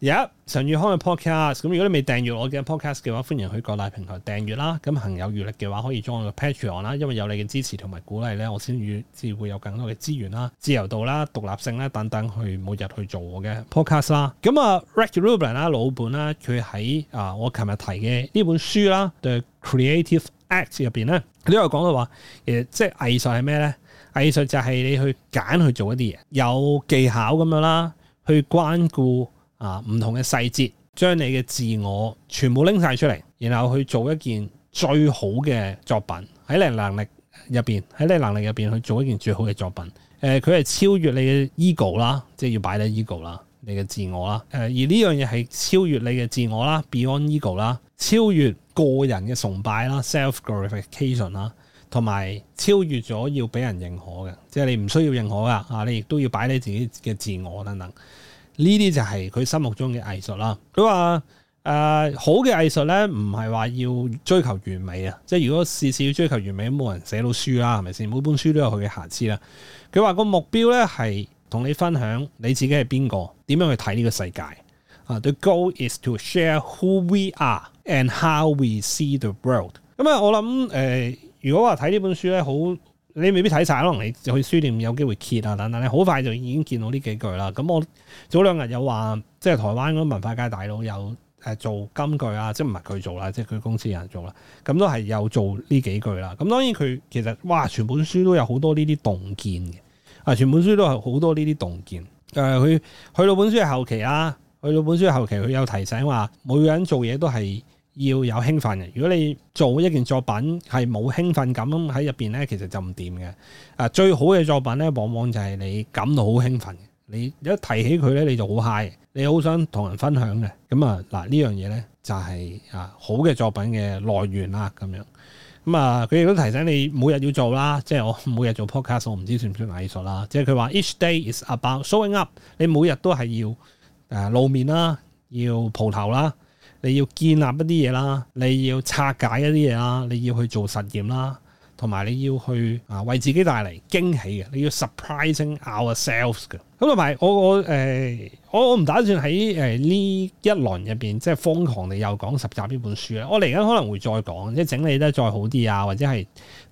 有常遇康嘅 podcast，咁如果你未訂閱我嘅 podcast 嘅話，歡迎去各大平台訂閱啦。咁行有餘力嘅話，可以裝我嘅 patreon 啦。因為有你嘅支持同埋鼓勵咧，我先至會有更多嘅資源啦、自由度啦、獨立性啦等等，去每日去做我嘅 podcast 啦。咁啊，Rick Rubin 啦，老本啦，佢喺啊，我琴日提嘅呢本書啦對 creative act 入面咧，佢都有講到話，誒，即係藝術係咩咧？藝術就係你去揀去做一啲嘢，有技巧咁樣啦，去關顧。啊！唔同嘅細節，將你嘅自我全部拎晒出嚟，然後去做一件最好嘅作品喺你能力入面，喺你能力入面去做一件最好嘅作品。誒、呃，佢係超越你嘅 ego 啦，即係要擺低 ego 啦，你嘅自我啦。誒、呃，而呢樣嘢係超越你嘅自我啦，beyond ego 啦，超越個人嘅崇拜啦，self glorification 啦，同埋超越咗要俾人認可嘅，即係你唔需要認可噶。啊，你亦都要擺低自己嘅自我等等。呢啲就係佢心目中嘅藝術啦。佢話、呃：好嘅藝術呢，唔係話要追求完美啊。即係如果事事要追求完美，冇人寫到書啦，係咪先？每本書都有佢嘅瑕疵啦。佢話個目標呢，係同你分享你自己係邊個，點樣去睇呢個世界。啊，the goal is to share who we are and how we see the world。咁、呃、啊，我諗如果話睇呢本書呢，好。你未必睇晒，可能你去書店有機會揭啊等等。你好快就已經見到呢幾句啦。咁我早兩日有話，即係台灣嗰文化界大佬有誒做金句啊，即係唔係佢做啦，即係佢公司有人做啦。咁都係有做呢幾句啦。咁當然佢其實哇，全本書都有好多呢啲洞見嘅。啊，全本書都係好多呢啲洞見。誒、呃，佢去到本書係後期啦，去到本書嘅後期佢有提醒話，每個人做嘢都係。要有興奮嘅。如果你做一件作品係冇興奮感喺入邊呢，其實就唔掂嘅。啊，最好嘅作品呢，往往就係你感到好興奮。你一提起佢呢，你就好嗨。你好想同人分享嘅。咁啊，嗱呢樣嘢呢，就係啊好嘅作品嘅來源啦，咁樣。咁啊，佢亦都提醒你每日要做啦，即係我每日做 podcast，我唔知算唔算藝術啦。即係佢話，each day is about showing up。你每日都係要誒露面啦，要蒲頭啦。你要建立一啲嘢啦，你要拆解一啲嘢啦，你要去做實驗啦，同埋你要去啊為自己帶嚟驚喜嘅，你要 surprising ourselves 嘅。咁同埋我我、欸、我我唔打算喺呢一輪入邊即係、就是、瘋狂地又講十集呢本書啊！我嚟緊可能會再講，即係整理得再好啲啊，或者係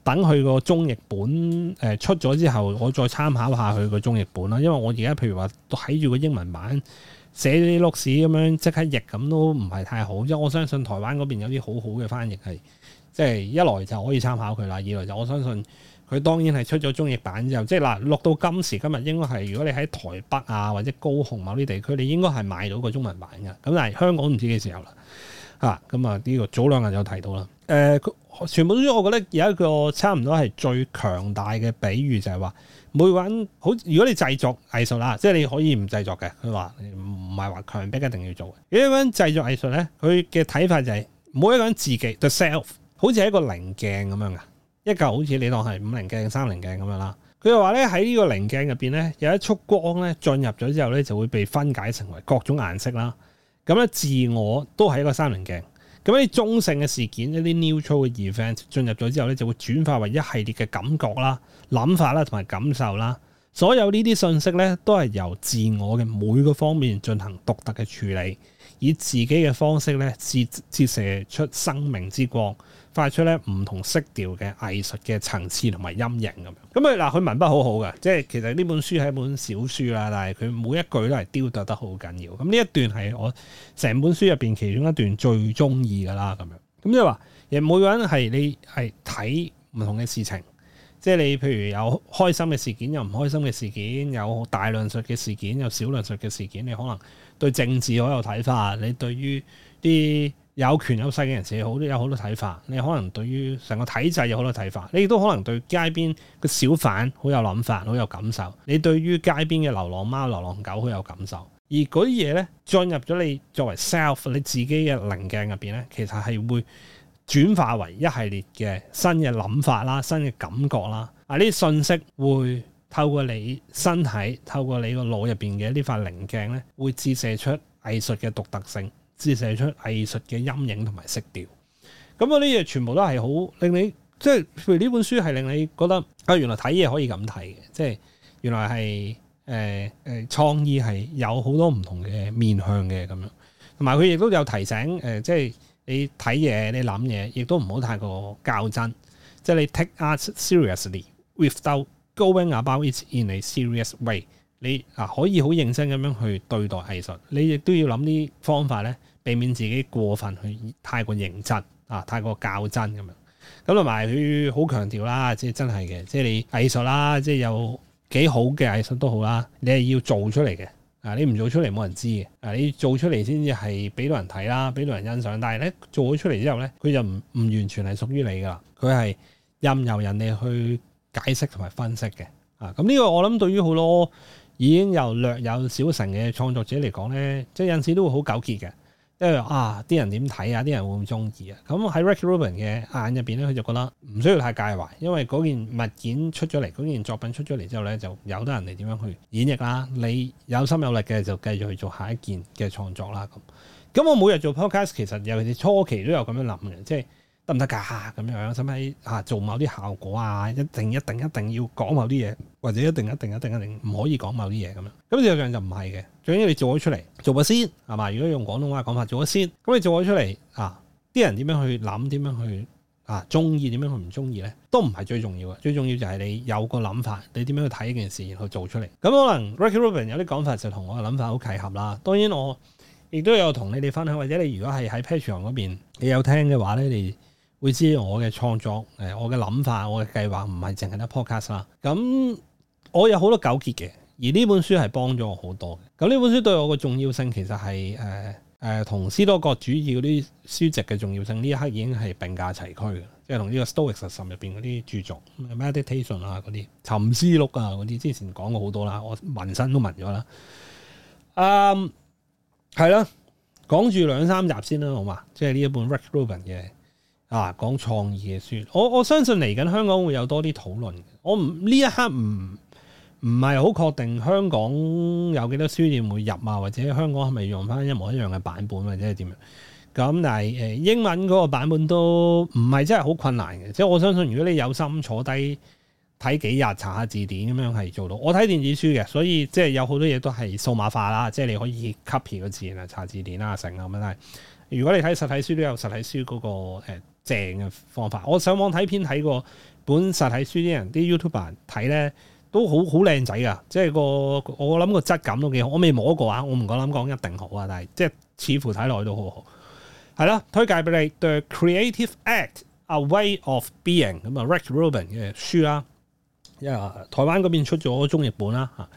等佢個中譯本出咗之後，我再參考下佢個中譯本啦。因為我而家譬如話睇住個英文版。寫啲錄史咁樣即刻譯咁都唔係太好，因為我相信台灣嗰邊有啲好好嘅翻譯係，即係一來就可以參考佢啦，二來就我相信佢當然係出咗中譯版之後，即係嗱落到今時今日應該係如果你喺台北啊或者高雄某啲地區，你應該係買到個中文版嘅。咁但係香港唔知幾時有啦吓，咁啊呢個早兩日就提到啦。誒、呃，全部都我覺得有一個差唔多係最強大嘅比喻就係話，每一個人好，如果你製作藝術啦，即係你可以唔製作嘅。佢話唔係話強迫一定要做。每個人製作藝術咧，佢嘅睇法就係、是、每一個人自己 the self，好似係一個棱鏡咁樣嘅，一嚿好似你當係五棱鏡、三棱鏡咁樣啦。佢又話咧喺呢個棱鏡入邊咧，有一束光咧進入咗之後咧，就會被分解成為各種顏色啦。咁咧自我都係一個三棱鏡。咁啲中性嘅事件，一啲 neutral 嘅 event 進入咗之後咧，就會轉化為一系列嘅感覺啦、諗法啦同埋感受啦。所有呢啲信息咧，都係由自我嘅每個方面進行獨特嘅處理，以自己嘅方式咧，折折射出生命之光。發出咧唔同色調嘅藝術嘅層次同埋陰影咁樣，咁啊嗱，佢文筆好好嘅，即係其實呢本書係一本小書啦，但係佢每一句都係雕琢得好緊要。咁呢一段係我成本書入邊其中一段最中意噶啦，咁樣。咁即係話，亦每個人係你係睇唔同嘅事情，即係你譬如有開心嘅事件，有唔開心嘅事件，有大量述嘅事件，有少量述嘅事件，你可能對政治好有睇法，你對於啲。有權有勢嘅人士好有好多睇法，你可能對於成個體制有好多睇法，你亦都可能對街邊嘅小販好有諗法，好有感受。你對於街邊嘅流浪貓、流浪狗好有感受，而嗰啲嘢呢，進入咗你作為 self 你自己嘅稜鏡入面呢，其實係會轉化為一系列嘅新嘅諗法啦、新嘅感覺啦。啊，呢啲信息會透過你身體、透過你個腦入面嘅呢塊稜鏡呢，會折射出藝術嘅獨特性。折射出藝術嘅陰影同埋色調，咁嗰啲嘢全部都係好令你，即係譬如呢本書係令你覺得啊，原來睇嘢可以咁睇嘅，即係原來係誒誒創意係有好多唔同嘅面向嘅咁樣，同埋佢亦都有提醒誒、呃，即係你睇嘢你諗嘢，亦都唔好太過較真，即係你 take art seriously without going about it in a serious way。你嗱可以好認真咁樣去對待藝術，你亦都要諗啲方法咧，避免自己過分去太過認真啊，太過較真咁樣。咁同埋佢好強調啦，即係真係嘅，即係你藝術啦，即係有幾好嘅藝術都好啦，你係要做出嚟嘅啊！你唔做出嚟冇人知嘅，你做出嚟先至係俾到人睇啦，俾到人欣賞。但係咧做咗出嚟之後咧，佢就唔唔完全係屬於你㗎啦，佢係任由人哋去解釋同埋分析嘅啊！咁、這、呢個我諗對於好多，已經由略有小成嘅創作者嚟講咧，即係有時都會好糾結嘅，因為啊，啲人點睇啊，啲人會唔中意啊？咁喺 Rick Rubin 嘅眼入面咧，佢就覺得唔需要太介懷，因為嗰件物件出咗嚟，嗰件作品出咗嚟之後咧，就由得人哋點樣去演繹啦。你有心有力嘅就繼續去做下一件嘅創作啦。咁，咁我每日做 podcast 其實尤其係初期都有咁樣諗嘅，即係得唔得㗎？咁樣使唔使啊？要要做某啲效果啊？一定一定一定要講某啲嘢。或者一定一定一定一定唔可以講某啲嘢咁樣，咁呢樣就唔係嘅。最緊要你做咗出嚟，做咗先係嘛？如果用廣東話講法，做過先，咁你做咗出嚟啊，啲人點樣去諗，點樣去啊中意，點樣去唔中意咧，都唔係最重要嘅。最重要就係你有個諗法，你點樣去睇一件事，然後做出嚟。咁可能 Rick Rubin 有啲講法就同我嘅諗法好契合啦。當然我亦都有同你哋分享，或者你如果係喺 Patreon 嗰邊，你有聽嘅話咧，你會知我嘅創作，誒我嘅諗法，我嘅計劃唔係淨係得 Podcast 啦，咁。我有好多糾結嘅，而呢本書係幫咗我好多嘅。咁呢本書對我嘅重要性其實係誒誒同斯多葛主義啲書籍嘅重要性呢一刻已經係並駕齊驅嘅，即係同呢個 Stoics 入邊嗰啲著作、meditation 啊嗰啲沉思錄啊嗰啲，之前講過好多啦，我紋身都紋咗啦。嗯，係啦、啊，講住兩三集先啦，好嘛？即係呢一本 Rick Rubin 嘅啊，講創意嘅書。我我相信嚟緊香港會有多啲討論。我唔呢一刻唔。唔係好確定香港有幾多書店會入啊，或者香港係咪用翻一模一樣嘅版本，或者係點樣？咁但係誒英文嗰個版本都唔係真係好困難嘅，即係我相信如果你有心坐低睇幾日，查下字典咁樣係做到。我睇電子書嘅，所以即係有好多嘢都係數碼化啦，即係你可以 copy 個字嚟查字典啦，成咁樣。但係如果你睇實體書都有實體書嗰個、呃、正嘅方法。我上網睇片睇過本實體書嘅，啲人啲 YouTuber 睇咧。都好好靚仔噶，即係個我諗個質感都幾好，我未摸過啊，我唔敢諗講一定好啊，但係即係似乎睇落去都好好，係啦，推介俾你《The Creative Act: A Way of Being》yeah，咁啊 Rick，yeah，Rubin 嘅書啦，因為台灣嗰邊出咗中譯本啦吓，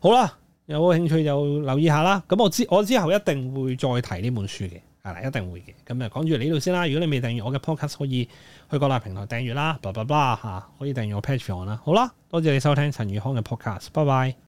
好啦，有冇興趣就留意下啦，咁我之我之後一定會再提呢本書嘅。一定會嘅。咁啊，講住嚟呢度先啦。如果你未訂閱我嘅 podcast，可以去各大平台訂閱啦。叭叭叭嚇，可以訂閱我 Patreon 啦。好啦，多謝你收聽陳宇康嘅 podcast。拜拜。